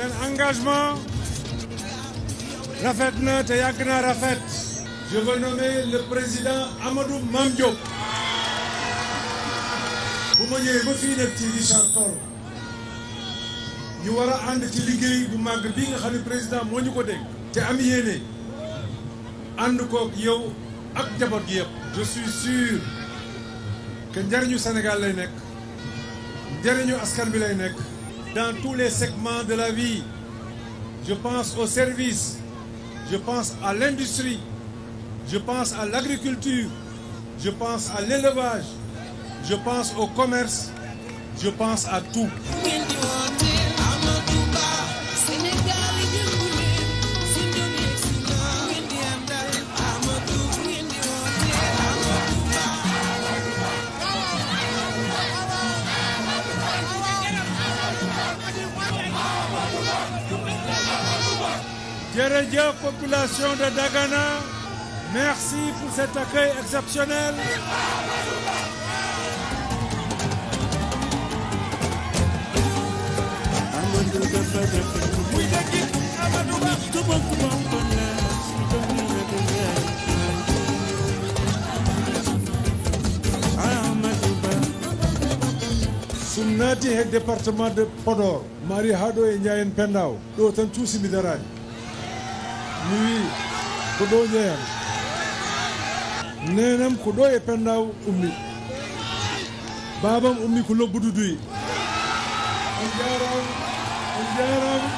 seen engagement rafet na te yàgg na rafet je le président Amadou Mame Diop bu ma ñëwee ba fii nag ci Richard Toll ñu war a ànd ci liggéey bu màgg bi nga xam ne président moo ñu ko dégg te am yéene ànd kook yow ak jaboot gi yëpp je suis sûr que njariñu lay nekk jariñu askan bi lay nekk dans tous les segments de la vie. Je pense au services, je pense à l'industrie, je pense à l'agriculture, je pense à l'élevage, je pense au commerce, je pense à tout. jërëjëf population de Dagana merci pour cet accueil exceptionnel. sum naati heg département de Podor. Mari haɗo e Ndiayen Pendaw ɗo tan cuusimi darani miwi ko ɗo jeeyam nenam ko ɗo e pendaw ummi babam ummi ko lobbudu duyi on jarama on jarama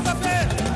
des affaires